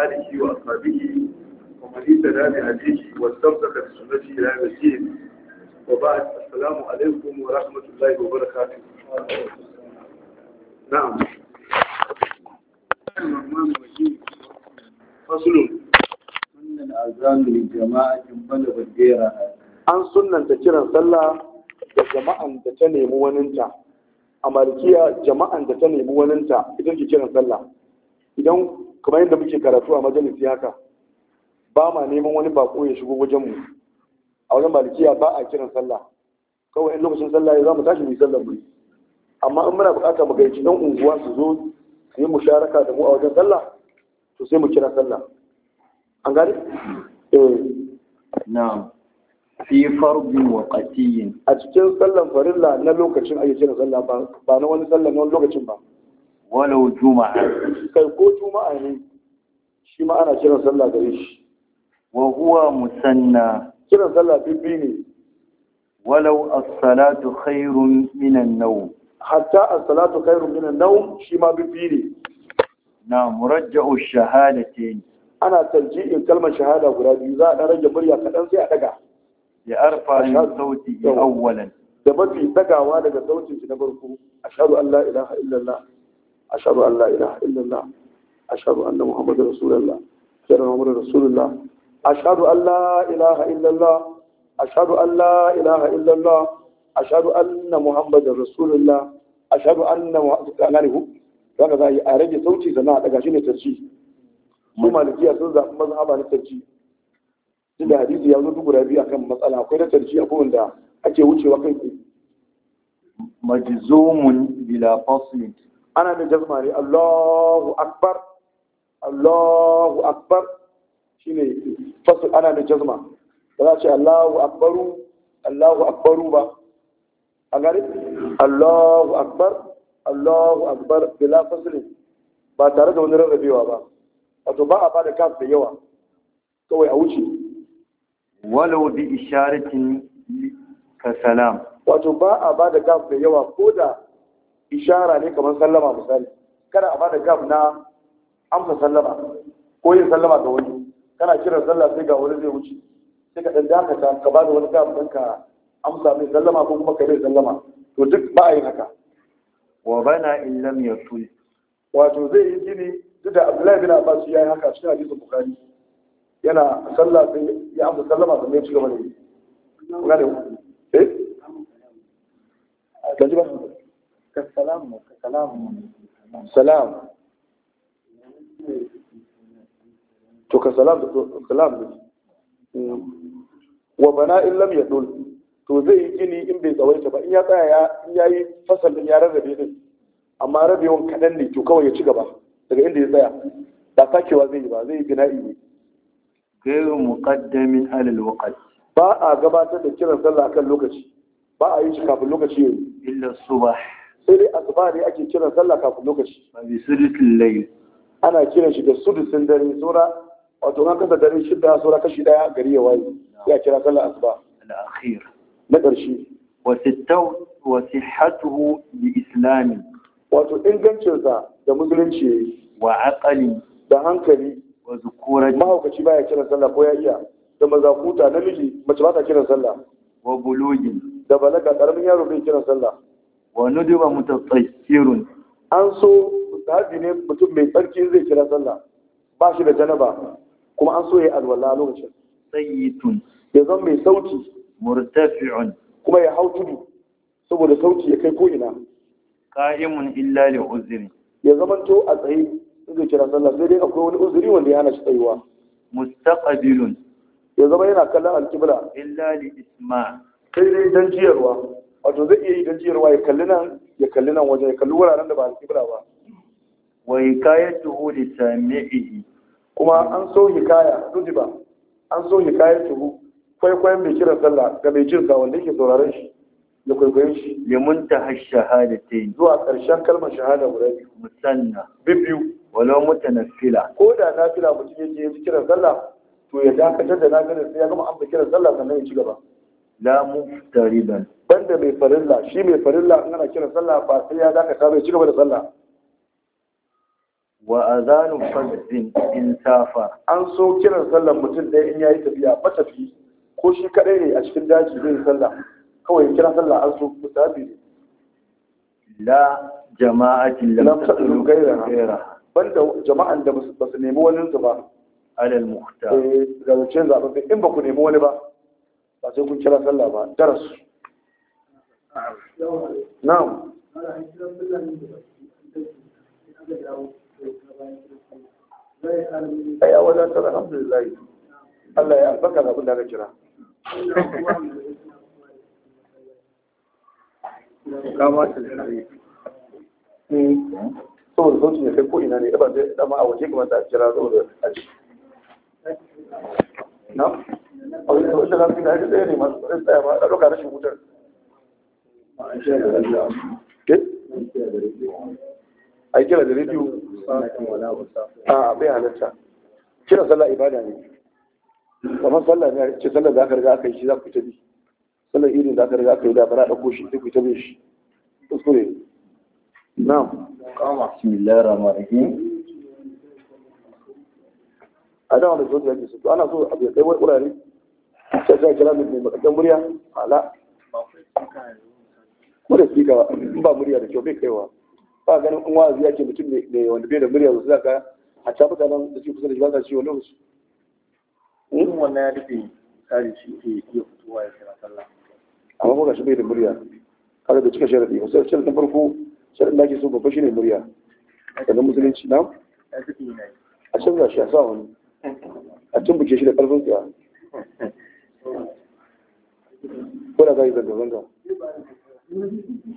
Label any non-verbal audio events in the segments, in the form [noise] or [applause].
alihi wa sahbihi kuma ni da dani hadisi wa tabbata da sunnati ila yaji wa ba'd assalamu alaikum wa rahmatullahi wa barakatuh na'am mamman waji fasulu sunnan azan li jama'ati balagha gaira an sunnanta kiran sallah da jama'an da ta nemi waninta a jama'an da ta nemi waninta idan ki kiran sallah idan kamar yadda muke karatu a majalisi haka ba ma neman wani bako ya shigo wajenmu. a wajen malikiya ba a kiran sallah kawai in lokacin sallah ya za mu tashi mu yi sallah mu amma in muna bukata mu gaici dan unguwa su zo su yi musharaka da mu a wajen sallah to sai mu kira sallah an gane eh. na'am fi farbi wa qatiyin a cikin sallan farilla na lokacin ayyukan sallah ba na wani sallah na wani lokacin ba walau juma'a kai ko juma'a ne shi ma ana kiran sallah gare shi wa huwa musanna kiran sallah bibbi ne walau as-salatu khairun min an-nawm hatta as-salatu khairun min an-nawm shi ma bibbi ne na murajja'u shahadatayn ana tarji'in kalmar shahada guda biyu za a dan rage murya kadan sai a daga ya arfa min sauti awwalan da mafi dagawa daga sautin shi na farko ashhadu an la ilaha illallah أشهد أن لا إله إلا الله أشهد أن محمد رسول الله سيدنا محمد رسول الله أشهد أن لا إله إلا الله أشهد أن لا إله إلا الله أشهد أن محمد رسول الله أشهد أن a rage sauci sannan a daga shi ne tarci mu malikiya sun zaɓi mazhaba na tarci duk da hadisi ya zo duk guda akan matsala akwai na tarci abubuwan da ake wucewa kan ki majzumun bila faslin ana mai jazma ne Allahu akbar Allahu akbar shine fasul ana mai jazma ba za ce Allahu akbaru Allahu akbaru ba a gari Allahu akbar Allahu akbar bila fasulin ba tare da wani rarrabewa ba wato ba a bada kaf da yawa kawai a wuce walau bi isharatin ka salam wato ba a bada kaf da yawa ko da ishara ne kamar sallama misali kada a bada gab na amsa sallama ko yin sallama ga wani kana kiran sallah sai ga wani zai wuce sai ka dan dakata ka bada wani gab dan ka amsa mai sallama ko kuma ka yi sallama to duk ba a yin haka wa bana in lam yatul wato zai yi gini duk da Abdullahi bin Abbas ya yi haka cikin hadisin Bukhari yana sallah sai ya amsa sallama sai ya ci gaba da yi. kuma da eh? Gaji ba? كالسلام كسلام سلام to ka salam da salam mm. wa bana in lam yadul to zai yi gini in bai tsawaita ba in ya tsaya ya in yayi fasal din ya rarrabe din amma rabewan kadan ne to kawai ya ci gaba daga inda ya tsaya ba sakewa zai yi ba zai yi bina'i ne gairu muqaddamin alal waqt ba a gabatar da kiran sallah akan lokaci ba a yi shi kafin lokaci yayi illa subah sai dai asuba ne ake kiran sallah kafin lokaci ana kiran shi da sudusin dare saura. wato an kasa dare shida saura kashi daya gari ya waye ya kira sallah asuba na ƙarshe wa sittau wa sihhatuhu bi islami wato ingancinsa da musulunci wa aqali da hankali wa zukurati mahaukaci baya kiran sallah ko ya iya da mazakuta namiji mace ba ta kiran sallah wa bulugin da balaga karamin yaro bai kiran sallah wani duba mutatsakirun an so zaɓi ne mutum mai tsarki zai kira sallah ba shi da janaba kuma an so ya alwala lokacin sayyitun ya zan mai sauti murtafi'un kuma ya hau tudu saboda sauti ya kai ko ina qa'imun illa li uzri ya to a tsaye zai kira sallah sai dai akwai wani uzuri wanda ya hana shi tsayuwa mustaqbilun ya zama yana kallon alkibla illa li isma sai dai dan jiyarwa wato zai iya yi don jiyarwa ya kalli nan ya kalli nan wajen ya kalli wuraren da ba alƙibla ba wa hikayatuhu li sami'ihi kuma an so hikaya ba. an so tuhu, kwaikwayon mai kiran sallah ga mai jin sa wanda yake sauraron shi ya kwaikwayon shi shahada ta yi. zuwa ƙarshen kalmar shahada guda biyu musanna bibiyu na fila. ko da na fila mutum yake yi kiran sallah to ya dakatar da na gani sai ya gama an kiran sallah sannan ya ci gaba la muftaridan banda mai farilla shi mai farilla an ana kira sallah ba sai ya dakata bai ci gaba da sallah wa azanu fajrin in safa an so kiran sallar mutum ɗaya in yayi tafiya tafi ko shi kadai ne a cikin daji zai sallah kawai kira sallah an so mutabi ne la jama'atin lam taqulu ghayra banda jama'an da ba su nemi wani ba alal muhtar eh da zaben in ba ku nemi wani ba ba sai kun kira sallah ba daras na'am ai ya wadatar alhamdulillah Allah ya albarka da abin da aka kira kama ta shari'a ne sautin kai ko ina ne ba zai dama a waje kamar da a kira saboda a ciki na a wani da yi ne a a yi kira da rediyo a bai halarta kira sallah ibada ne kamar sallah ne ce sallah da riga aka yi shi za ku ta bi sallah irin da riga aka yi da bara ɗauko shi sai ku ta shi kuskure na'am kama a da su ana so a kai wurare sai ka kira mai makaɗan murya Hala. ala murya spika in ba murya da kyau bai kaiwa ba ganin in wa'azi yake mutum ne wanda bai da murya sosai zaka a ta nan da ke kusa da shi ba za sa wani lokaci in wannan ya rufe tsari shi ke iya fitowa ya kira sallah amma kuma shi bai da murya kaga da cika sharadi wasu sharadin farko sharadin da ake so babba ne murya sannan musulunci na a canza shi a sa wani a tumbuke shi da karfin tsaya [laughs] ko da kai zanga zanga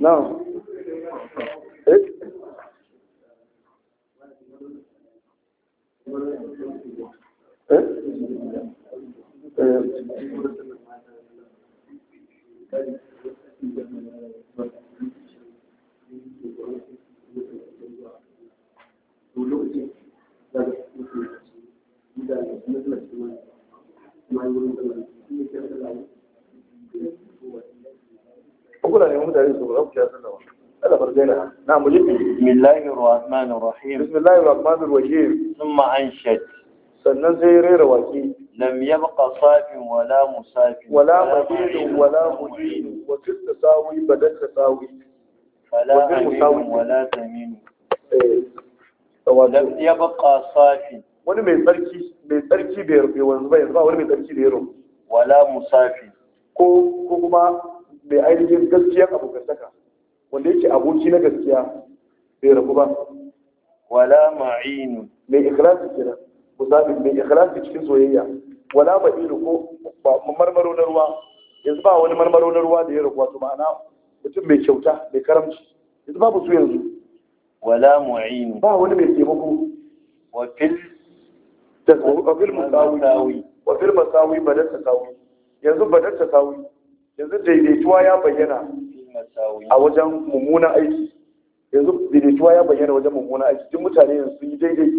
na Thank eh? you. Eh? Eh? kuna ne mutane su ba ku kira sallah ba Allah barzaina na mu je bismillahir rahmanir rahim bismillahir rahmanir rahim thumma sannan sai rera waki lam yabqa safin wala musafin wala madin wala mudin wa fit wala eh, safin wani mai mai bai wanzu wani mai wala musafi ko kuma mai ainihin gaskiya abu abokantaka wanda yake aboki na gaskiya bai rabu ba wala ma'inu mai ikhlasi kenan musafi mai ikhlasi cikin soyayya wala ma'inu ko marmaro na ruwa yanzu ba wani marmaro na ruwa da ya rabu wato ma'ana mutum mai kyauta mai karamci yanzu babu su yanzu wala mu'inu ba wani mai taimako wa fil tasawuf fil musawi wa fil masawi badal tasawi yanzu badal tasawi yanzu daidaituwa ya bayyana a wajen mummunan aiki yanzu daidaituwa ya bayyana wajen mummunan aiki duk mutane yanzu sun yi daidai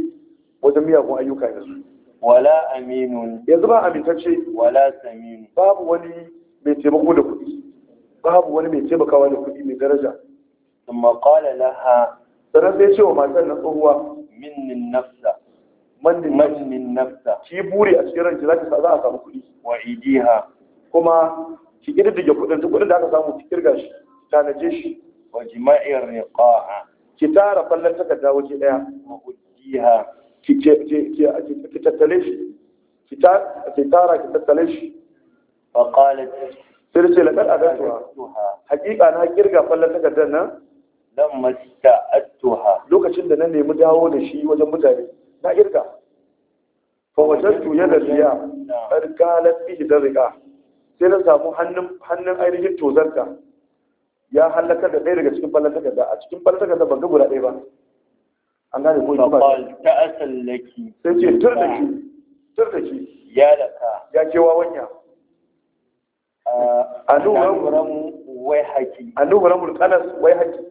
wajen miyagun ayyuka yanzu wala aminun yanzu ba amintacce wala samin babu wani mai taimako da kuɗi babu wani mai taimakawa da kuɗi mai daraja thumma qala laha sannan sai ce wa matan na tsohuwa minnin nafsa mannin nafsa ki buri a cikin ranki zaki za a samu kuɗi wa idiha kuma ki kirdige kuɗin duk kuɗin da aka samu ki kirga shi tanaje shi wa jima'ir riqa'a ki tara fallan takarda waje daya wa udiha ki ki tattale shi ki tara ki tattale shi fa qalat sai ce laqad adatuha Hakika na kirga fallan takardar nan lamma sta'attuha lokacin da na nemi dawo da shi wajen mutane na irga fa wajadtu yada liya qad da fihi sai na samu hannun hannun ainihin tozarta ya halaka da ɗaya daga cikin ballata takarda a cikin ballata takarda ban ga guda ɗaya ba an gane ko ba ta asal laki sai ce tur da ki tur da ki ya laka ya wa wanya anuhuramu wai haki anuhuramu kanas wai haki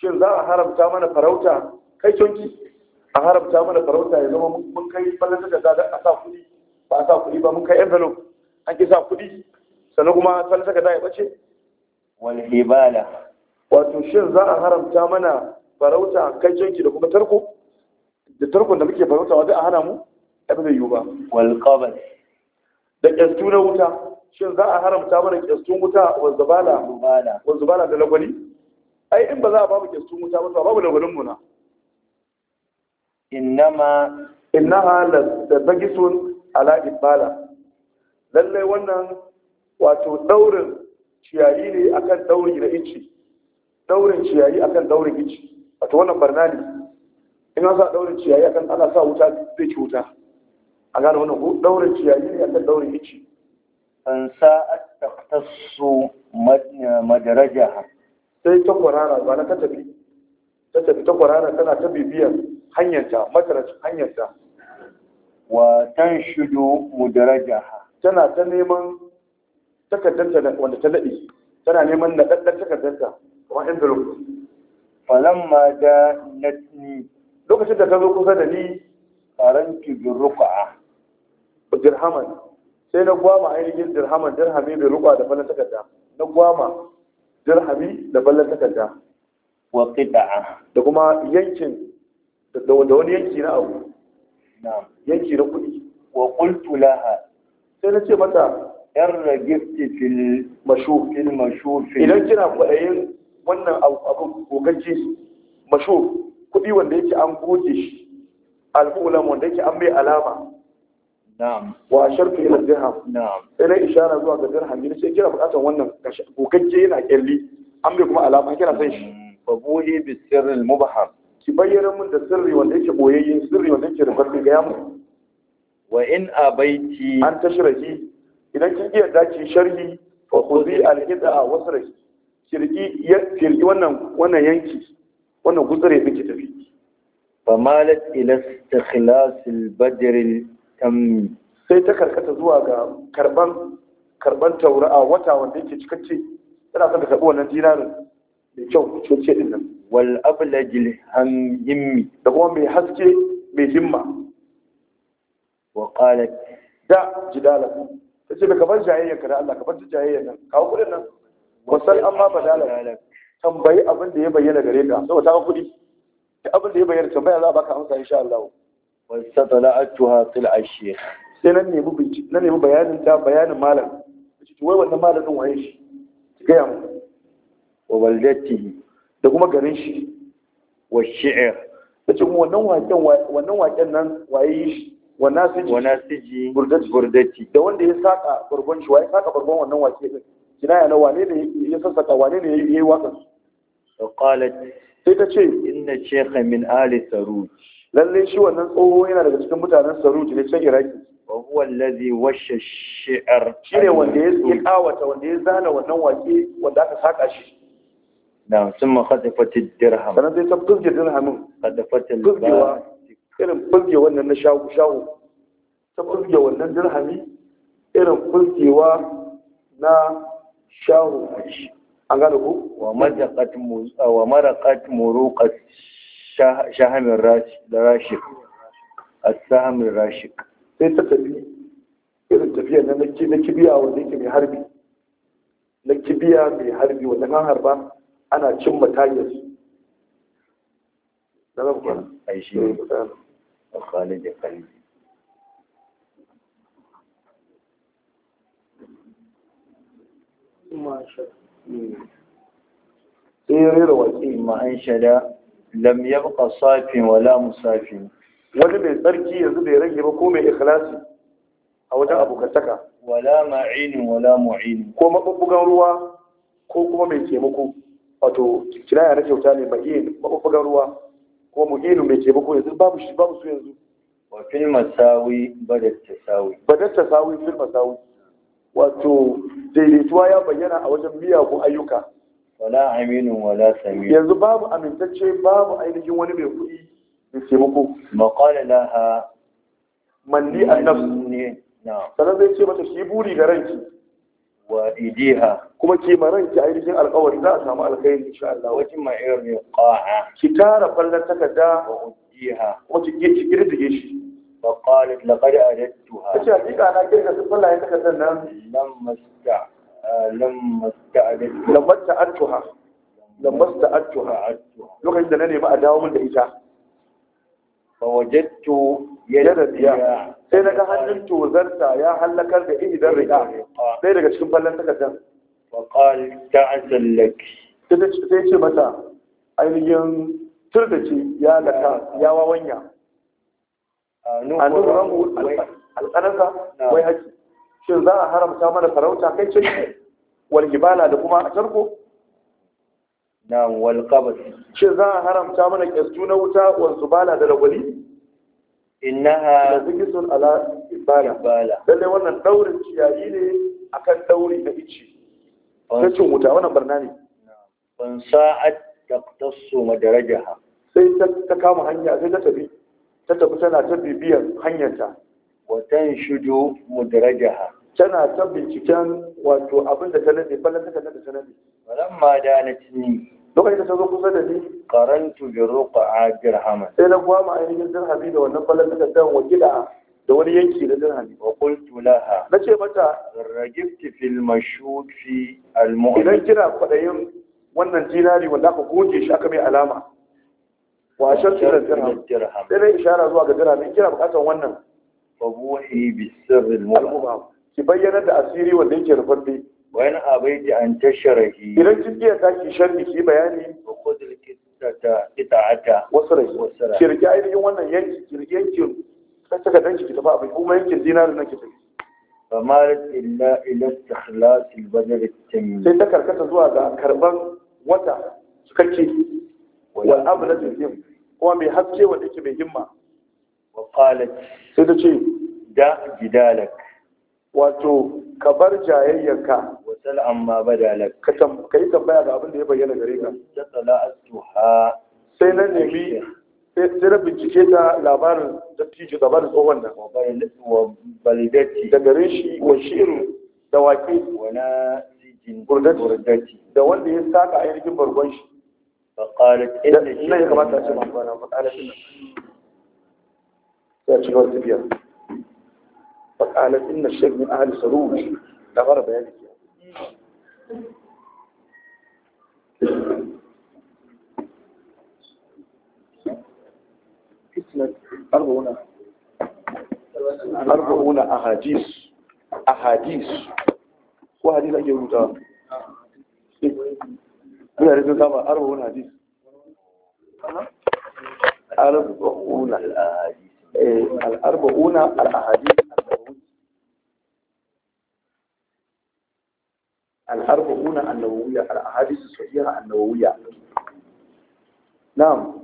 shin za a haramta mana farauta kai kyonki a haramta mana farauta ya zama mun kai falon da za a sa kuɗi ba a sa kuɗi ba mun kai envelope an ki sa kuɗi sannan kuma falon da ya ɓace walhibala wato shin za a haramta mana farauta kai jinki da kuma tarko da tarkon da muke farauta wa zai a hana mu abin zai yiwu ba qabl da kyastu na wuta shin za a haramta mana kyastun wuta wa zubala wa zubala da lagwani ai in ba za a babu kyastun wuta ba babu lagwanin mu na innama innaha da bagisun ala ibala lallai wannan wato daurin ciyayi ne akan daurin da ici daurin ciyayi akan daurin ici wato wannan barna ne in an sa daurin ciyayi akan ana sa wuta zai ci wuta a gane wannan daurin ciyayi ne akan daurin ici an sa'at taqtasu madaraja sai ta kwarara ba na ta tafi ta tafi ta kwarara tana ta bibiyar hanyarta mataracin hanyarta wa tan shudu mudarajaha tana ta neman takardarta wanda ta daɗe tana neman na ɗaɗɗar takardarta kamar Falon ma da ni. lokacin da ta zo kusa da ni karantu bi a. dirhaman sai na gwama ainihin dirhaman dirhami bi ruqa da falon takarda na gwama dirhami da falon takarda wa qita'a da kuma yankin da wani yanki na abu yanki na kuɗi wa qultu laha sai na ce mata yar ragifti fil mashuf fil mashuf idan kina kwaɗayin wannan abu gogacce mashuf kuɗi wanda yake an goge shi al'ulam wanda yake an bai alama na'am wa sharfi ila dirham na'am sai na ishara zuwa ga dirham ne sai kina bukatar wannan gogacce yana kyalli an bai kuma alama kina san shi babuhi mm, bisirril mubahar ki bayyana min da sirri wanda yake boyayyen sirri wanda yake da farkin gaya mu wa in abaiti an tashrahi idan kin iya dace sharhi fa khudhi al wa sirri shirki ya kirki wannan wannan yanki wannan gutsare din tafi fa malat ila istikhlas al-badr al tammi sai ta karkata zuwa ga karban karban taura'a wata wanda yake cikakke tana son ka karbi wannan dinarin da kyau cikakke din nan wal ablajil hammi da kuma mai haske mai himma wa qalat da jidala tace da kabar jayayya da Allah kabar ta jayayya nan kawo kudin nan an amma badala tambayi abin da ya bayyana gare ka saboda ta kudi da abin da ya bayyana tambaya za a baka amsa insha Allah wasta tala'atuha til shaykh sai nan bu bincike nan nemi bayanin ta bayanin malam wai wannan malamin waye shi ga yamu wa waldatihi da kuma garin shi wa shi'ir da ce wannan waƙen nan waye yi shi wannan siji wannan siji burdati da wanda ya saka bargon shi waye saka bargon wannan waƙe din kina yana wane ne ya sassaka wane ne yayi yi waƙan to qalat sai ta ce inna shaykha min ali saruj lalle shi wannan tsoho yana daga cikin mutanen saruj ne can iraki wa huwa alladhi washa shi'r ne wanda ya kawata wanda ya zana wannan waƙe wanda aka saka shi na'am summa khatafat dirham sanan sai ta fuzge dirhamin khatafat fuzgewa irin fuzge wannan na shago shago wannan dirhami na shago wa maraqat wa maraqat muruqat shahamin rashik sai ta tafi irin tafiyar na na kibiya wanda yake mai harbi na kibiya ana cin matayar su na rabu kwana a shi ne eh, a kwanin da kwanin sai rera waƙi ma'an shada lam yabqa safin wala musafin wani mai tsarki yanzu bai rage ba ko mai ikhlasi a wajen abokantaka wala ma'inin wala mu'inin ko mabubbugan ruwa ko kuma mai taimako wato kinaya na kyauta ne ma'in maɓaɓɓagar ruwa ko mu'inu mai taimako yanzu babu shi babu su yanzu wa fil masawi badat sawi. badat sawi, fil masawi wato daidaituwa ya bayyana a wajen miyagun ayyuka wala aminu wala sami yanzu babu amintacce babu ainihin wani mai kuɗi mai taimako maqala laha manni a an-nafs sannan zai ce mata shi buri ga ranki Wa wadidiha kuma kimaran ki ainihin alƙawari za a samu alkhairi insha Allah wajin ma irin riqa'a ki tara fallan takarda wa udiha kuma ki ki girdige shi fa qalat laqad adadtuha kace hakika na girga su fallan takardar nan Nan masta lamma sta'adat lamma sta'atuha lamma sta'atuha lokacin da na nemi a dawo min da ita fa wajadtu yadda sai na ga hannun tozarta ya hallakar da idan riga sai daga cikin fallon takardar ta sai ce mata ainihin ce ya laka ya wawanya a nuna alƙanarsa wai haki shin za a haramta mana farauta kai ce wal da kuma a tarko na walƙabar shi shin za a haramta mana kyasju na wuta wanzu Bala da rawali innaha zikisun ala ibala dalle wannan daurin ciyayi ne akan dauri na ice ta cin wuta wannan barna ne ban sa'at taqtasu madarajaha sai ta kama hanya sai ta tafi ta tafi tana ta bibiyar hanyarta wa shudu mudarajaha tana ta binciken wato abinda ta nade ballan ta nade ta nade walamma da na tinni lokacin da ta zo kusa da ni karantu bi ruqa'a hama. sai na gwama ainihin dirhami da wannan balan da ta gida da wani yanki na dirhami wa qultu laha na ce mata ragibti fil mashud fi al idan kina kwadayin wannan dinari wanda aka goge shi aka mai alama wa shan ila dirham sai na ishara zuwa ga dirhami Kina bukatar wannan Babu buhi bi sirri al ki bayyana da asiri wanda yake rufaffe wani abai da an tasharahi idan jirgiyar ta ki sharri ki bayani wa kodil kitata kitata wasra wasra kirki ainihin wannan yanki kirki yankin sai saka danki ki tafi abai kuma yankin dinarin nake tafi famarat illa ila ikhlas albadr at-tamim sai ta karkata zuwa ga karban wata sukakke wal ablad al-jim kuma mai haske wanda yake mai himma wa qalat sai ta ce da jidalak wato ka bar jayayyanka wasal amma badalak ka yi tambaya ga abin da ya bayyana gare ka sai na nemi sai na bincike ta labarin dattijo labarin tsohon nan balidati da garin shi wa shiru da waƙe wana burdati da wanda ya saka a ainihin bargon shi فقالت إن الشيء ce يقبل تأتي مع فقالت إن ya ci gaba tafiya فقالت إن الشيخ من أهل سروج سرور نغر بيانك أربعون أربعون أحاديث أحاديث وهذه إيه. لا يوجد أنا رجل دابا أربعون حديث أربعون الآية الأربعون الأحاديث الأربعون النووية الأحاديث الصحيحة النووية نعم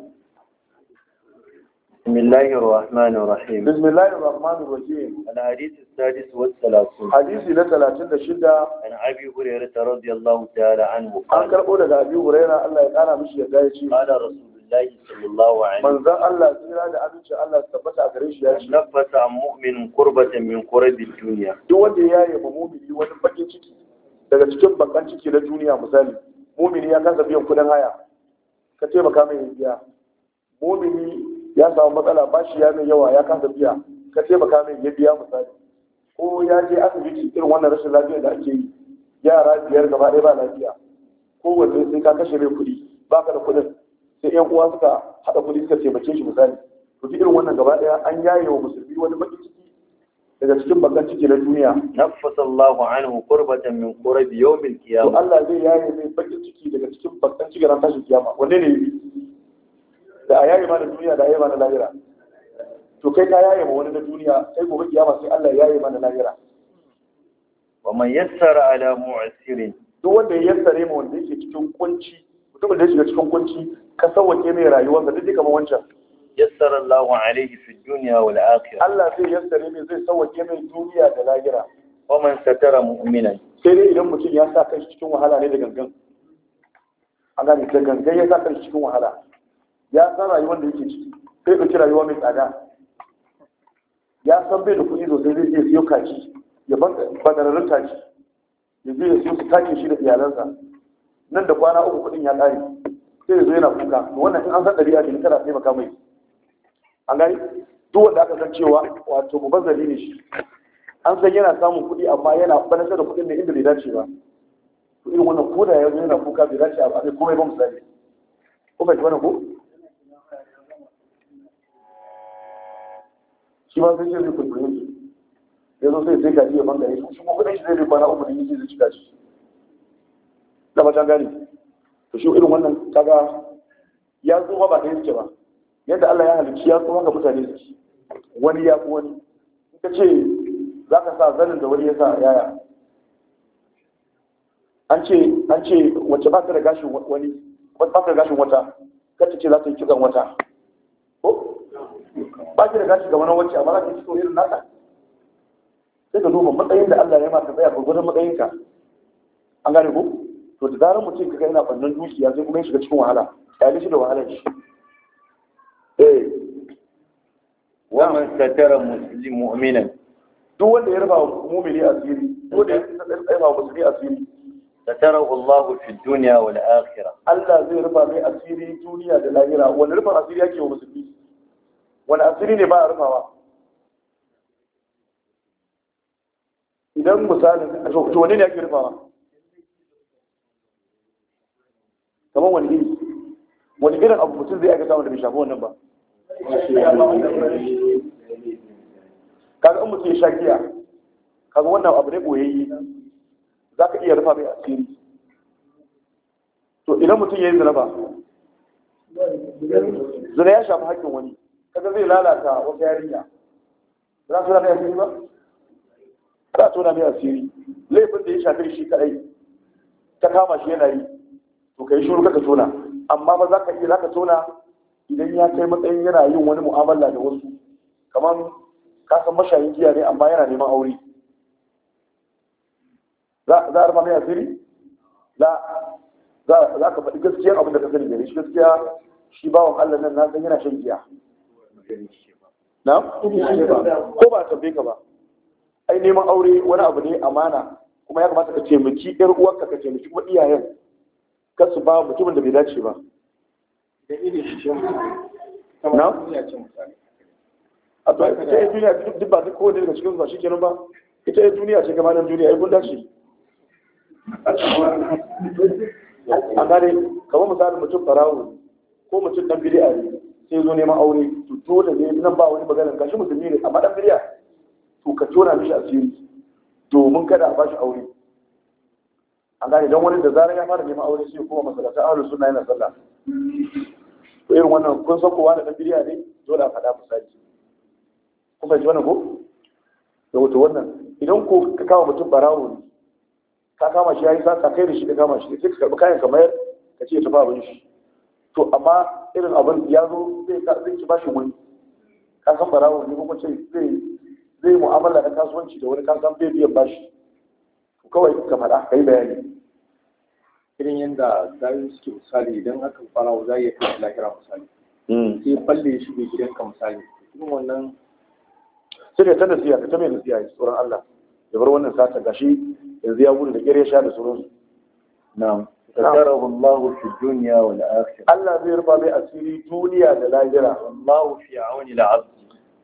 بسم الله الرحمن الرحيم بسم الله الرحمن الرحيم الحديث السادس والثلاثون حديث إلى ثلاثين دشدة عن أبي هريرة رضي الله تعالى عنه قال أقول لك أبي هريرة الله يقال مش يدايشي قال رسول الله صلى الله عليه من ذا الله زيرا da abinci Allah tabbata a gare shi ya ce nafasa mu'min qurbatan min qurabi dunya duk wanda ya yi ba mu'mini wani bakin ciki daga cikin bakan ciki na duniya misali mu'mini ya kasa biyan kudin haya ka taimaka baka mai biya mu'mini ya samu matsala bashi ya mai yawa ya kasa biya ka taimaka baka mai ya biya misali ko ya je asibiti irin wannan rashin lafiya da ake yi yara biyar gaba ɗaya ba lafiya kowanne sai ka kashe mai kuɗi baka da kuɗin sai yan uwa suka haɗa kuɗi suka taimake shi misali to duk irin wannan gaba ɗaya an yaye wa musulmi wani baki ciki daga cikin bakan ciki na duniya nafasallahu anhu qurbatan min qurbi yawmil qiyamah to Allah zai yaye mai baki ciki daga cikin bakan ciki ran tashin kiyama wanne ne da a yaye ma na duniya da a yaye ma na lahira to kai ka yaye ma wani na duniya sai gobe kiyama sai Allah ya yaye ma na lahira wa man yassara ala mu'sirin duk wanda ya yassare ma wanda yake cikin kunci mutumin da ya shiga cikin kunci ka sauwake mai da duk kamar wancan yassara Allahu alaihi fi dunya wal akhirah Allah zai yassare mai zai sauwake mai duniya da lahira wa man satara mu'mina sai dai idan mutum ya sa kai cikin wahala ne da gangan a gane da gangan ya sa kai cikin wahala ya san rayuwar da yake ciki sai ka ɗauki rayuwa mai tsada ya san bai da kuɗi sosai zai je siyo kaji ya badararrun kaji ya je ya siyo su take shi da iyalansa nan da kwana uku kuɗin ya ƙare sai zo yana kuka to wannan in an san ɗabi'a ce kana taimaka mai an gani duk wanda aka san cewa wato mubazzali ne shi an san yana samun kuɗi amma yana balatar da kuɗin da inda bai dace ba to irin wannan ko da ya zo yana kuka bai dace ba sai komai ba mu misali ko bai wannan ko shi ba sai zai kuɗin shi ya zo sai sai gaji ya bangare shi kuma kuɗin shi zai bana uku da yake zai cika shi da ba ta gani to shi irin wannan kaga ya zuwa ba ɗaya suke ba yadda Allah ya halicci ya tsufa ga mutane suke wani ya fi wani in ka ce za ka sa zanin da wani ya sa yaya an ce an ce wacce ba ta da gashin wani ba ta da gashin wata kacce ce za ta yi kitsan wata ba ta da gashi ga wani wacce amma za yi ci irin naka sai ka duba matsayin da Allah ya maka tsaya ga gudun matsayinka an gane ku to da zarar mutum kaga yana bannan dukiya sai kuma ya shiga cikin wahala ya shi da wahalar shi eh wa man satara muslim mu'minan duk wanda ya raba mu'mini asiri duk wanda ya raba musulmi asiri satarahu Allah fi dunya wal akhirah Allah zai rufa mai asiri duniya da lahira Wani rufa asiri yake wa musulmi Wani asiri ne ba a rufawa idan misali to wani ne yake rufawa kamar wani iri wani irin abu mutum zai aikata wanda bai shafi wannan ba kaga in mutum ya sha giya kaga wannan abu ne boyayye za ka iya rufa mai asiri to idan mutum ya yi zina ba zina ya shafi haƙƙin wani kaga zai lalata wata yarinya za su lalata asiri ba za a tona mai asiri laifin da ya shafi shi kadai. ta kama shi yana yi to kai shuru kaka tona amma ba za ka iya za ka tona idan ya kai matsayin yana yin wani mu'amala da wasu kamar ka san mashayin giya ne amma yana neman aure za a rama mai asiri za ka faɗi gaskiyar abin da ka sani gare shi gaskiya shi bawan Allah nan na san yana shan giya na ko ba tambaye ka ba ai neman aure wani abu ne amana kuma ya kamata ka taimaki yar uwarka ka taimaki kuma iyayen kasu ba mutumin da bai dace ba na a to ita yi duniya duk ba ko daga cikin zuwa nan ba ita yi duniya ce gabanin nan duniya yi kun dace a gane kamar misalin mutum farawo ko mutum dan bidi'a ne sai zo neman aure to dole ne nan ba wani magana gashi musulmi ne amma dan bidi'a to ka tona mishi asiri domin kada a bashi aure an gane don wani da zarar ya fara neman aure sai kuma masalata aure suna yana sallah ko irin wannan kun san kowa da dan bidiya ne dole a faɗa misali kun fahimci wannan ko da wato wannan idan ko ka kama mutum barawo ne ka kama shi yayi sata kai da shi ka kama shi sai ka karbi kayan kamar ka ce tafi abin shi to amma irin abin ya zo zai zai ci bashi wani ka san barawo ne ko ce zai zai mu'amala da kasuwanci da wani kasan bebiyan bai biyan bashi kawai ka faɗa ka yi bayani irin yadda yi suke misali idan aka fara wa zai ya kai lahira misali hmm. sai balle shi ne ka misali irin wannan sai ka ta nasiya ka ta mai nasiya ya tsoron Allah ya bar wannan sata gashi yanzu ya gudu da kere sha da sauransu na'am wa الله Allah zai والآخرة الله asiri duniya da للآخرة الله في عون العبد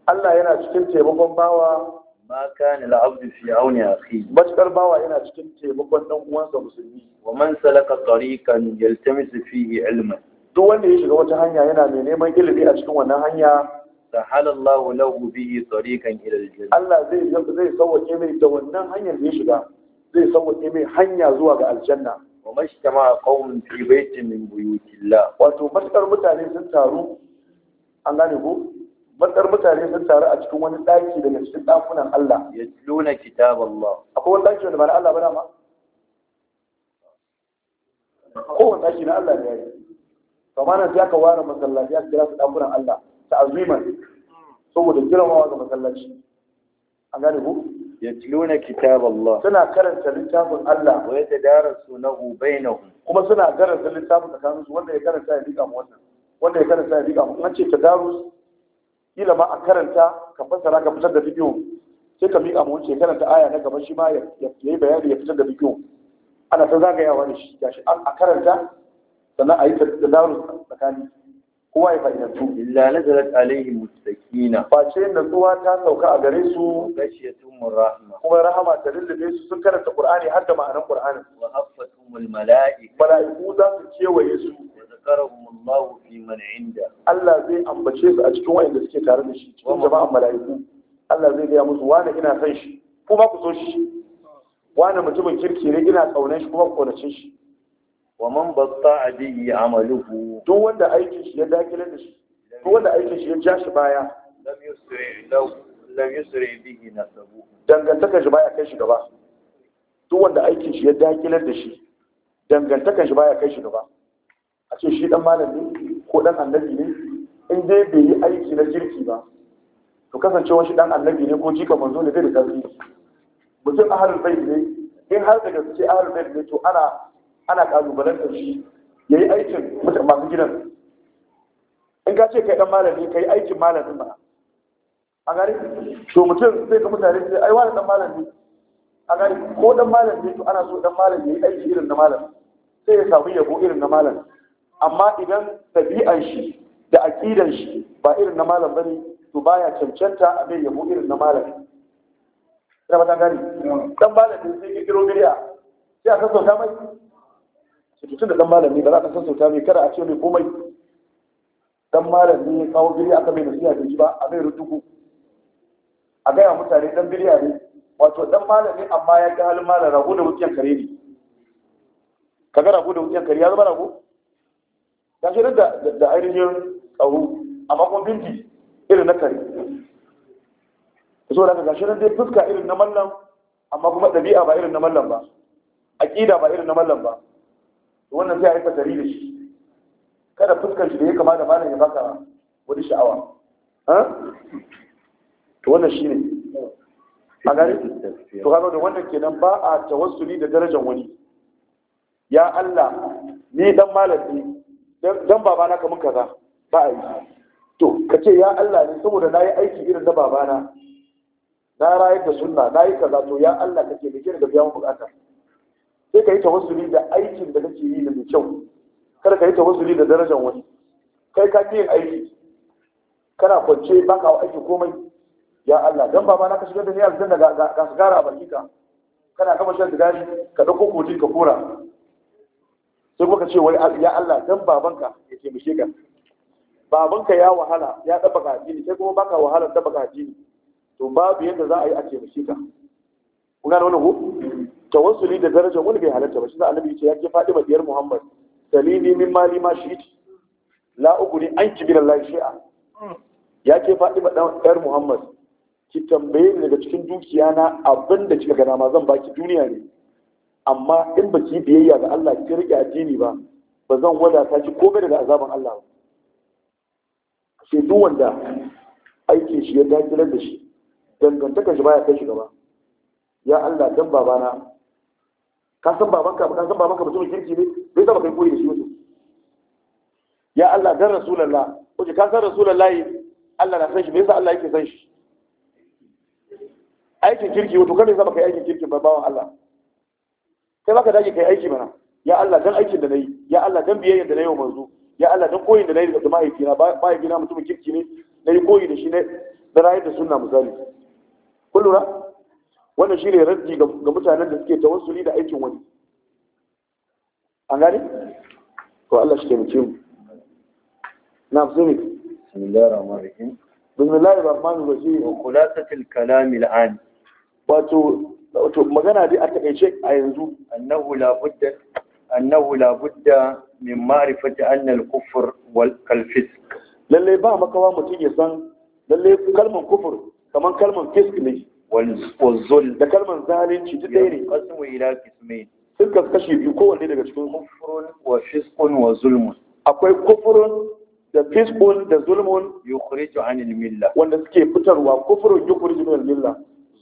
Allah yana cikin taimakon bawa ma kana al fi auni akhi Matukar bawa yana cikin taimakon dan uwansa musulmi wa man salaka tariqan yaltamisu fihi ilman duk wanda ya shiga wata hanya yana mai neman ilimi a cikin wannan hanya sahala Allahu lahu bihi tariqan ila al-jannah Allah zai zai sauke mai da wannan hanyar da ya shiga zai sauke mai hanya zuwa ga aljanna wa mashtama qaumun fi baitin min buyutillah wato matukar mutane sun taru an gane ko matsar mutane sun taru a cikin wani ɗaki daga cikin ɗakunan Allah ya luna kitab Allah akwai wani ɗaki wanda ba na Allah ba dama kowane ɗaki na Allah ne ya yi? to ma nan sai aka ware masallaci aka kira su ɗakunan Allah ta azuman saboda girmamawa ga masallaci an gane ku Ya yatluna kitab Allah suna karanta littafin Allah wa yatadarasunahu bainahum kuma suna karanta littafin tsakaninsu wanda ya karanta ya rika mu wannan wanda ya karanta ya rika mu an ce ta tadarus kila ma a karanta ka fassara ka fitar da bidiyo sai ka miƙa mu wuce karanta aya na gaba shi ma ya yi bayani ya fitar da bidiyo ana ta zagayawa da shi gashi a karanta sannan a yi tattalarus tsakani kowa ya fa'idantu illa nazarat alaihi mustaqina face natsuwa ta sauka a gare su gashiyatun rahma kuma rahama ta lullube su sun karanta qur'ani har da ma'anar qur'ani wa hafatumul mala'iku mala'iku za su kewaye su yadhkarahum Allah fi man inda Allah zai ambace su a cikin wanda suke tare da shi cikin jama'an mala'iku Allah zai gaya musu wani ina san shi Kuma ku so shi wani mutumin kirki ne ina kaunar shi kuma ku kaunace shi wa man batta bihi amaluhu duk wanda aikin shi ya dakile da shi duk wanda aikin shi ya ja shi baya lam yusri law lam yusri bihi nasabu dangantaka shi baya kai shi gaba duk wanda aikin shi ya dakile da shi dangantaka shi baya kai shi gaba a ce shi dan malam ne ko dan annabi ne in dai bai yi aiki na jirki ba to kasancewa shi dan annabi ne ko jika manzo ne zai da tafi mutum ahlul bait ne in har da gaske ahlul bait ne to ana ana kalubalantar shi ya yi aikin masu gidan in ka ce kai dan malami ka yi aikin malamin ba a gari to mutum zai ga mutane sai ai wani dan malami a gari ko dan malami to ana so dan malami ya yi aiki irin na malam sai ya samu yabo irin na malam amma idan ɗabi'an shi da aƙidan shi ba irin na malam bane to baya cancanta a bai yabo irin na malam ina ba ta gani dan malam ne sai ki kiro biya sai a sassauta mai sai tun da dan malam ne ba za ka sassauta mai kada a ce mai komai dan ne ya kawo biri aka mai nasiha da shi ba a mai rutuku a gaya mutane dan biriya ne wato dan malam ne amma ya ga halin malam rago da wukiyan kare ne kaga rago da wukiyan kare ya zama rago ta shi da ainihin tsaro a makon dinki irin na kare ta so da ga shi dai fuska irin na mallam amma kuma ɗabi'a ba irin na mallam ba aƙida ba irin na mallam ba wannan sai a yi fatari da shi kada fuskar shi da ya kama da malam ya baka wani sha'awa to wannan shi ne a gari to kaga da wannan kenan ba a tawassuli da darajar wani ya Allah ni dan malam ne. dan babana kamar kaza ba a yi to ka ce ya Allah ne saboda na yi aiki irin na babana na rayar da sunna na yi kaza to ya Allah kake taimake ni da biyan bukata sai ka yi tawassuli da aikin da kake yi da mai kyau kada ka yi tawassuli da darajar wani kai ka yin aiki kana kwance baka wa aiki komai ya Allah dan babana ka shigar da ni aljanna ga ga sigara a baki ka kana kama shan sigari ka dauko kotin ka kora sai kuka ce wai ah, ya Allah dan babanka ya mushe ka babanka ya wahala ya dafa ka addini sai kuma baka wahala dafa ka addini to babu yadda za a yi a mushe ka kun gane wannan ko tawassuli da daraja wani bai halarta ba shi za annabi ce ya ke Fadima diyar Muhammad salini min mali ma shi la uguni an kibira la shi'a ya ke Fadima dan yar Muhammad ki tambaye ni daga cikin dukiya na abinda kika ga ma zan baki duniya ne amma in ba ci biyayya ga Allah ki rike addini ba ba zan wadata ki komai daga azaban Allah ba sai duk wanda aikin shi ya dakilar da shi dangantaka shi baya kai shi gaba ya Allah dan babana ka san babanka ka san babanka mutumin kirki ne bai taba kai koyi da shi mutum ya Allah dan rasulullah kuje ka san rasulullahi Allah na san shi me yasa Allah yake san shi aikin kirki wato kada yasa baka kai aikin kirki ba bawan Allah Sai baka dage kai aiki mana ya Allah dan aikin da nayi ya Allah dan biyayyar da nayi wa manzo ya Allah dan koyin da nayi daga mahaifina mahaifina mutumin kirki ne nayi koyi da shi ne da rayar da sunna misali kun lura wannan ne raddi ga mutanen da suke tawassuli da aikin wani an gane to Allah shi ke mu na fusini bismillahir rahmanir rahim bismillahir rahmanir rahim wa khulasatul kalamil an wato to magana dai a takaice a yanzu annahu la budda annahu la budda min ma'rifati anna al-kufr wal kalfisk lalle ba makawa mutum ya san lalle kalman kufur kaman kalman fisk ne wal zul da kalman zalunci duk ɗaya ne qasmu ila qismain sun kaskashi biyu kowanne daga cikin kufrun wa fiskun wa zulmun akwai kufrun da fiskun da zulmun yukhriju anil milla wanda suke fitarwa kufrun yukhriju anil milla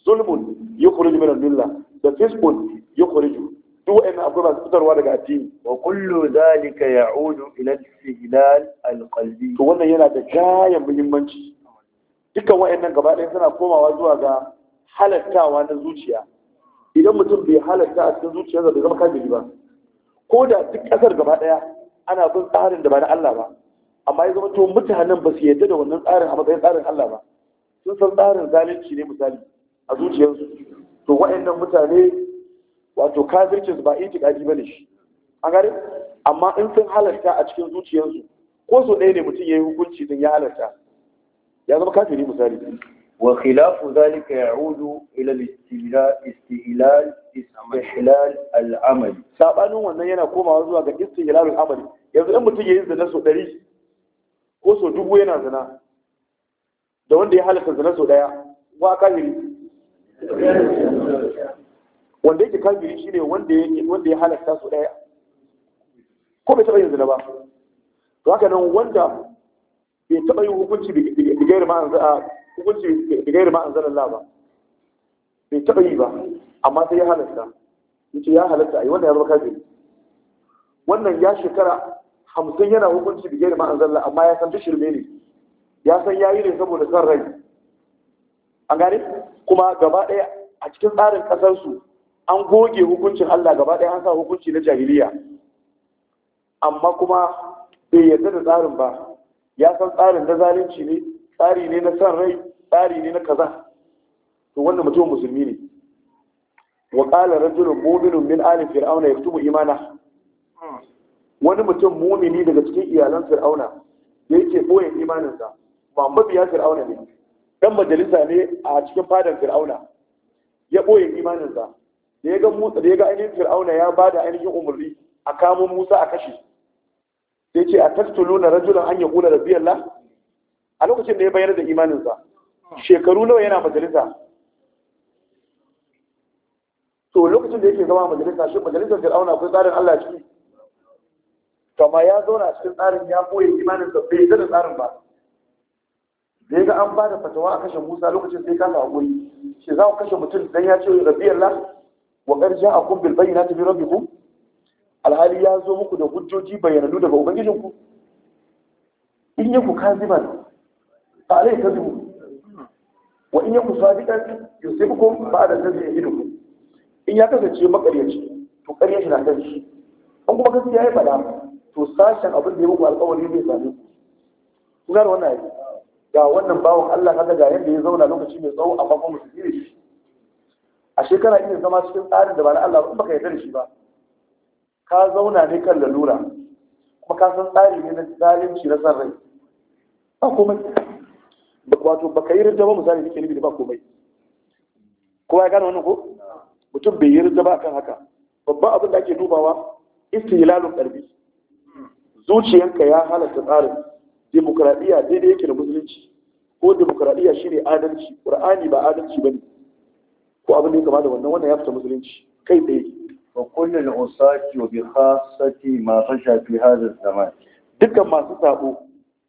zulmun yukhrij min al-milla da kuri yukhrij duk wa'annan abubuwa su fitarwa daga addini wa kullu zalika ya'udu ila al-istihlal al-qalbi to wannan yana da gayan muhimmanci dukkan wa'annan gaba ɗaya suna komawa zuwa ga halattawa na zuciya idan mutum bai halatta a cikin zuciyarsa bai zama kafiri ba ko da duk ƙasar gaba ɗaya ana bin tsarin da ba na Allah ba amma ya zama to mutanen ba su yarda da wannan tsarin a matsayin tsarin Allah ba sun san tsarin zalunci ne misali a zuciyarsu to waɗannan mutane wato kafircin ba itikadi bane shi a gane amma in sun halarta a cikin zuciyarsu ko so ɗaya ne mutum ya yi hukunci don ya halarta ya zama kafiri misali wa khilafu zalika ya'udu ila istihlal istihlal al-amal sabanin wannan yana komawa zuwa ga istihlal al-amal yanzu in mutum ya yi zina so ɗari ko so dubu yana zina da wanda ya halarta zina so ɗaya wa kafiri wanda yake kafiri shine wanda yake wanda ya halatta su daya ko bai taɓa yin zina ba to haka nan wanda bai taɓa yin hukunci da gairi ma an hukunci da gairi ma Allah ba bai taɓa yi ba amma sai ya halatta yace ya halatta ai wanda ya zama kafiri wannan ya shekara hamsin yana hukunci da gairi ma anzala amma ya san duk shirme ne ya san yayi ne saboda san rai an gane kuma gaba ɗaya a cikin tsarin ƙasarsu an goge hukuncin Allah gaba ɗaya an sa hukunci na jahiliya amma kuma bai yarda da tsarin ba ya san tsarin na zalunci ne tsari ne na san rai tsari ne na kaza to wannan mutum musulmi ne wa qala rajulun mu'minun min ali fir'auna yaktubu imana wani mutum mumini daga cikin iyalan fir'auna yake boye imaninsa ba mabiya fir'auna ne dan majalisa ne a cikin fadar fir'auna ya boye imaninsa da ya ga musa da ya ga ainihin fir'auna ya bada ainihin umarni a kamo musa a kashe sai ce a tattuluna rajulan an da biyalla a lokacin da ya bayyana da imaninsa shekaru nawa yana majalisa to lokacin da yake zama majalisa shi majalisar fir'auna akwai tsarin Allah ciki kama ya zauna cikin tsarin ya boye imaninsa bai da tsarin ba da ya ga an ba da fatawa a kashe musa lokacin sai kasa haƙuri shi za ku kashe mutum don ya ce rabbi allah wa ƙarja a kun bilbayi na tafi rabbi ku alhali ya zo muku da hujjoji bayyananu daga ubangijinku in yi ku kaziban ta alai kazibu wa in yi ku sadiqan yusibukum ba da yi idukum in ya kasance makaryaci to karyaci na kan shi an kuma gaskiya ya faɗa to sashen abin da ya muku alƙawari zai sami ku kun da wannan aiki. ga wannan bawon Allah kaga ga yadda ya zauna lokaci mai tsawo a bakon su gire shi a shekara iya zama cikin tsarin da ba na Allah in baka yarda da shi ba ka zauna ne kan lalura kuma ka san tsari ne na zalunci na san rai ba komai wato baka yi rinda ba misali nake nufi da ba komai kowa ya gane wannan ko mutum bai yi rinda ba kan haka babban abin da ake dubawa istilalun karbi zuciyanka ya halatta tsarin demokradiyya daidai yake da musulunci ko demokradiyya shine adalci qur'ani ba adalci ba ne, ko abin da ya kama da wannan wannan ya fita musulunci kai tsaye wa kullul usaki wa bi ha ma fasha fi hadha zaman dukkan masu sabo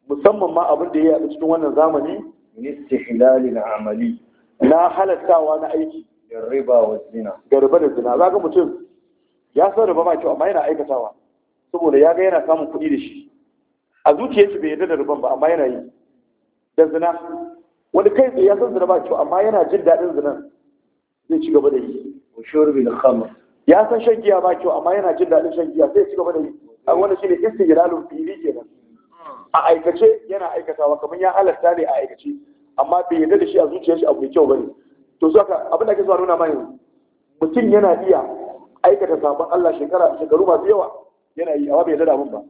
musamman ma abin da ya yi a cikin wannan zamani min na amali na halattawa na aiki riba wa zina da riba da zina ka mutum ya san riba ba kyau amma yana aikatawa saboda ya ga yana samun kuɗi da shi a zuciyar shi bai yarda da riban ba amma yana yi da zina wani kai tsaye ya san zina ba kyau amma yana jin daɗin zinan zai ci gaba da yi ya san shan giya ba kyau amma yana jin daɗin shan giya zai ci gaba da yi a wanda shi ne istijlalul fili nan a aikace yana aikatawa kamar ya halatta ne a aikace amma bai yarda da shi a zuciyar shi abu mai kyau bane to su haka abin da ake zuwa nuna mai mutum yana iya aikata sabon Allah shekara shekaru masu yawa yana yi amma bai yarda da abin ba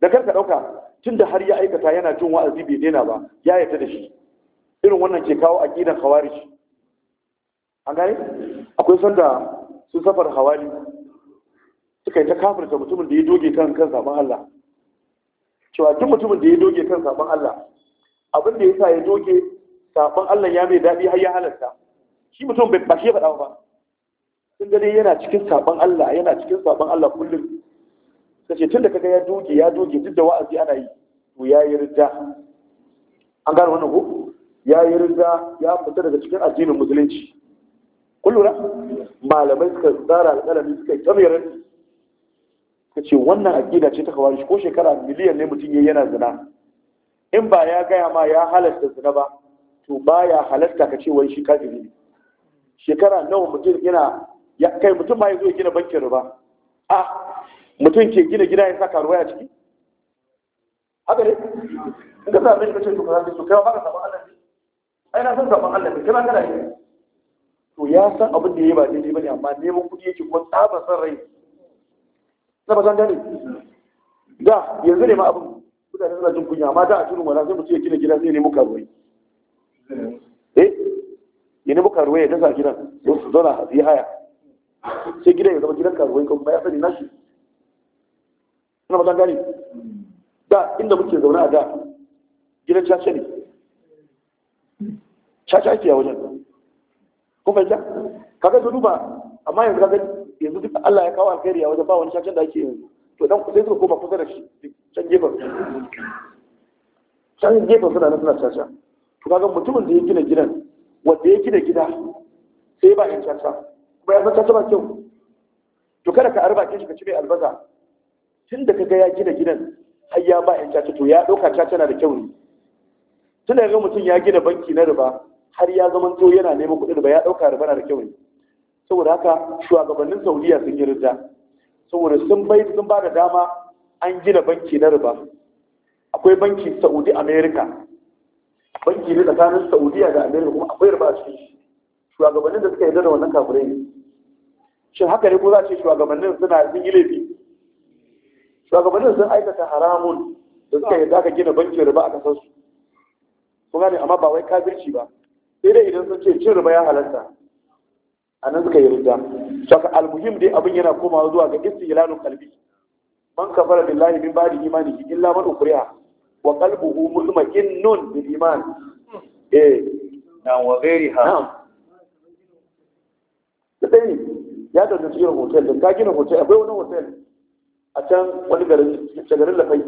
da karka ɗauka tunda har ya aikata yana jin wa'azi bai daina ba ya yarda da shi irin wannan ke kawo aqidan khawarij an gane akwai sanda sun safar hawari suka yi ta kafirta mutumin da ya doge kan kan saban Allah cewa duk mutumin da ya doge kan saban Allah abin da yasa ya doge saban Allah ya mai daɗi har ya halarta shi mutum ba shi ya faɗa ba sun gane yana cikin saban Allah yana cikin saban Allah kullum suka tunda da kaga ya doge ya doge duk da wa'azi ana yi to ya yi rida an gano wannan ko ya yi rida ya fita daga cikin addinin musulunci kun lura malamai suka tsara alƙalami suka yi tamirar Ka ce wannan aƙida ce ta kawari ko shekara miliyan ne mutum ya yana zina in ba ya gaya ma ya halasta zina ba to ba ya halasta ka ce wai shi kafiri ne shekara nawa mutum yana ya kai mutum ma ya zo ya gina bankin riba a ah, mutum ke gina gida ya sa karuwa a ciki haka ne in ka sa mai ce to kaza to kai ba ka saban Allah ne ai na san saban Allah ne kai ba kana yi to ya san abin da yayi ba daidai bane amma neman kudi yake kuma tsaba san rai na ba san gane da yanzu ne ma abin mutane suna jin kunya amma da a tunin wala sai mutum ya gina gida sai ne nemo karuwai eh ya nemo karuwai ya dasa gidan su zauna a haya sai gidan ya zama gidan karuwai kuma ya sani nashi na mazan gani da inda muke zaune a da gidan caca ne caca ake a wajen ko fahimta kaga zuru duba amma yanzu kaga yanzu duka Allah ya kawo alkhairi a wajen ba wani caca da ake yanzu to dan sai suka koma kusa da shi can gefen can gefen suna nan suna caca to kaga mutumin da ya gina gidan wanda ya gina gida sai ba yan caca kuma ya san caca ba kyau to kada ka arba kin shi ka cire albasa tun da kaga ya gina gidan har ya ba yan caca to ya ɗauka caca na da kyau ne tun da mutum ya gina banki na riba har ya zama to yana neman kuɗi riba ya ɗauka riba na da kyau ne saboda haka shugabannin saudiya sun yi ridda saboda sun bai sun ba da dama an gina banki na riba akwai banki saudi america banki ne tsakanin saudiya da america kuma akwai riba a cikin shi shugabannin da suka yarda da wannan kafirai ne shin haka ne ko za a ce shugabannin suna sun yi laifi shugabannin sun aikata haramun da suka yadda aka gina bankin riba a kasar su kun gane amma ba wai kafirci ba sai dai idan sun ce cin riba ya halatta a nan suka yi rinda shaka almuhim dai abin yana komawa zuwa ga istihlalul kalbi man kafara billahi min ba'di ki illa man ukriha wa qalbuhu mutma'innun bil iman eh na wa ghairiha na'am sai ya da tsira hotel da ka gina hotel akwai wani hotel a can wani garin shagarin lafai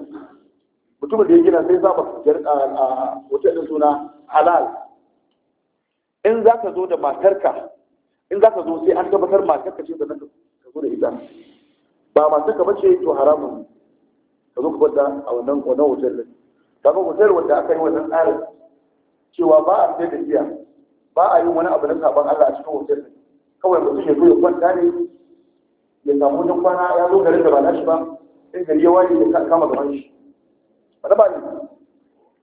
mutumin da ya gina sai za a hotel da suna halal in za ka zo da matarka in za ka zo sai an tabbatar matarka ce sannan ka zo da ita ba matarka ba ce to haramun ka zo ka a wannan wannan hotel din kaga hotel wanda aka yi wannan tsarin cewa ba a sai da giya ba a yi wani abu na sabon Allah a cikin hotel din kawai mutum ya zo ya kwanta ne ya samu kwana ya zo garin da ba nashi ba sai gari ya waje ya kama gaban shi ba ba ne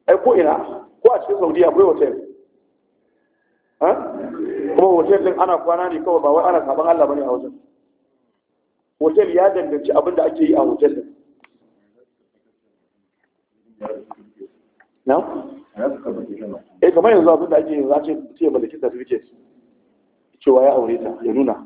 ai ko ina ko a cikin saudiya akwai hotel kuma hotel din ana kwana ne kawai ba wai ana saban Allah bane a wajen hotel ya danganci abin da ake yi a hotel din na? eh kamar yanzu abin da ake yanzu a ce ce mallaki certificate cewa ya aure ta ya nuna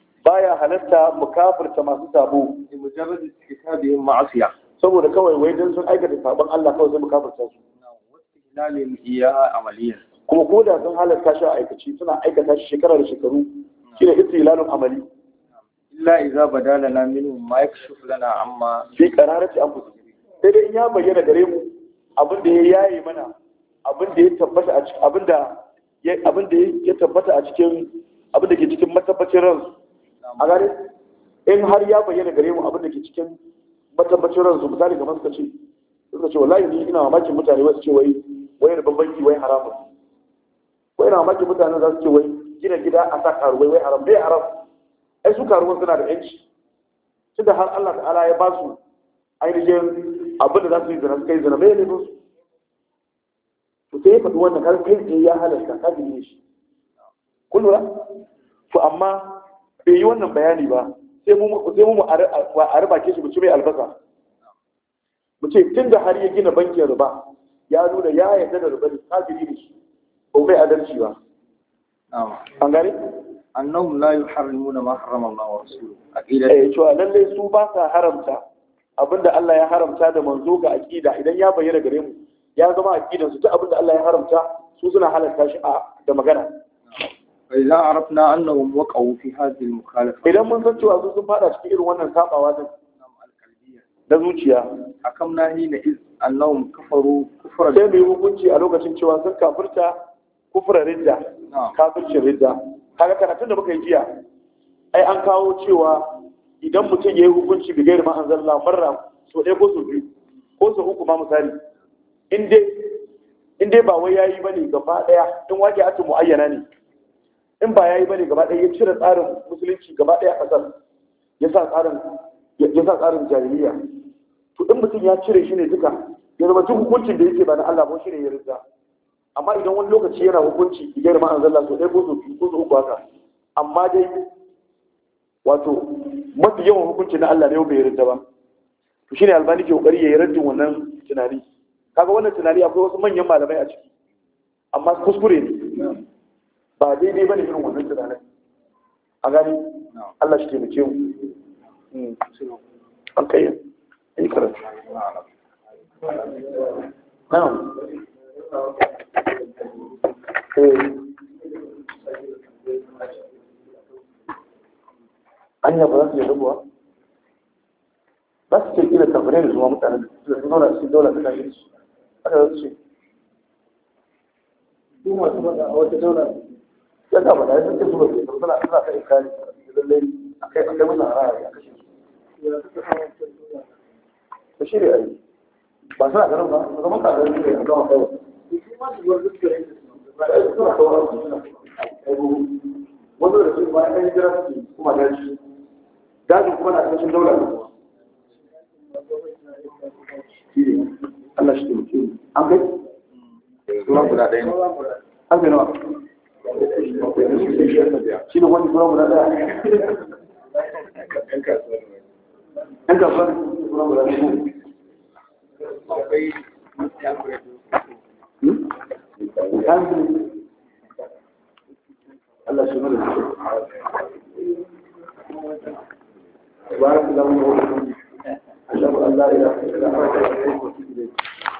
baya halatta mu kafirta masu sabo bi mujarrad yin ma'asiya saboda kawai wai dan sun aikata sabon Allah kawai sai mu kafirta su hilalin iya amaliya kuma ko da sun halatta shi a aikaci suna aikata shi shekara da shekaru ita hilalun amali illa idza badala na minu mike yakshuf lana amma fi qararati anfusihim sai dai in ya bayyana gare mu abin da ya yaye mana abin da ya tabbata a cikin abin da ya tabbata a cikin abin da ke cikin matabbacin ransu a gare, in har ya bayyana gare mu abin da ke cikin matabbacin ransu misali kamar suka ce suka ce wallahi ni ina mamakin mutane wasu ce wai wai da banki wai haramun wai ina mamakin mutane za su ce wai gina gida a sa karuwai wai haram bai haram ai su karuwan suna da yanci da har Allah ta'ala ya ba su ainihin abin da za su yi zina suka yi zina bai ne su to sai ya faɗi wannan kar kai ya halarta kafin ne shi kun lura to amma bai yi wannan bayani ba sai mu mu a riba ke shi mu ci mai albasa mu ce tun da har ya gina bankin riba ya nuna ya yadda da riba ne kafiri ne shi ba mai adalci ba an gani annahum la yuharrimuna ma harrama Allah wa rasuluhu aqida eh to lalle su ba sa haramta abinda Allah ya haramta da manzo ga aqida idan ya bayyana gare mu ya zama aqidan su ta abinda Allah ya haramta su suna halarta shi a da magana فإذا عرفنا أنهم وقعوا في هذه المخالفة إذا من سنتوا أزوز فادا شكير وانا ساقا وانا da zuciya hakamna hina iz annahum kafaru kufra sai mai hukunci a lokacin cewa sun kafirta kufra ridda kafircin ridda kaga karatun da muka yi jiya ai an kawo cewa idan mutum ya yi hukunci bi gairi ma'anzar lamarra so ɗaya ko so biyu ko so uku ma misali in dai ba wai ya yi ba ne gaba ɗaya in wake mu ayyana ne in ba ya yi bane gaba ɗaya ya cire tsarin musulunci gaba ɗaya a ƙasar ya sa tsarin jahiliya to in mutum ya cire shi ne duka ya zama duk hukuncin da yake ba na Allah ba shi ne ya rinda amma idan wani lokaci yana hukunci girma an zalla so ɗaya ko so biyu ko so uku haka amma dai wato mafi yawan hukunci na Allah ne bai yarda ba to shine albani ke kokari ya yi raddin wannan tunani kaga wannan tunani akwai wasu manyan malamai a ciki amma kuskure ne ba daidai ba ne irin wannan tunanin a gani Allah shi taimake mu an kai yi karatu na'am anya ba za su yi rabuwa ba su ce kila kafirai da zuwa mutane da su dole su dole su kashe su aka zasu ce su masu faɗa a wata daula ya sa ba da sun ce su ba su suna suna ta ikari lallai akai akai wannan harara ya kashe su ta shirya yi ba suna garin ba ba zama kagar ne a gama kawai wanda da su ba ya jira su kuma daji daji kuma na kashin daular kuma Allah shi ke mutum an kai? Sura guda ɗaya ne. An kai nawa? shi ne wani sauran guda ɗaya ɗan kasuwa ne ɗan kasuwa ne sauran guda ɗaya akwai hmm? Allah shi mana بارك الله فيكم أشهد أن لا إله إلا da وأشهد أن محمدا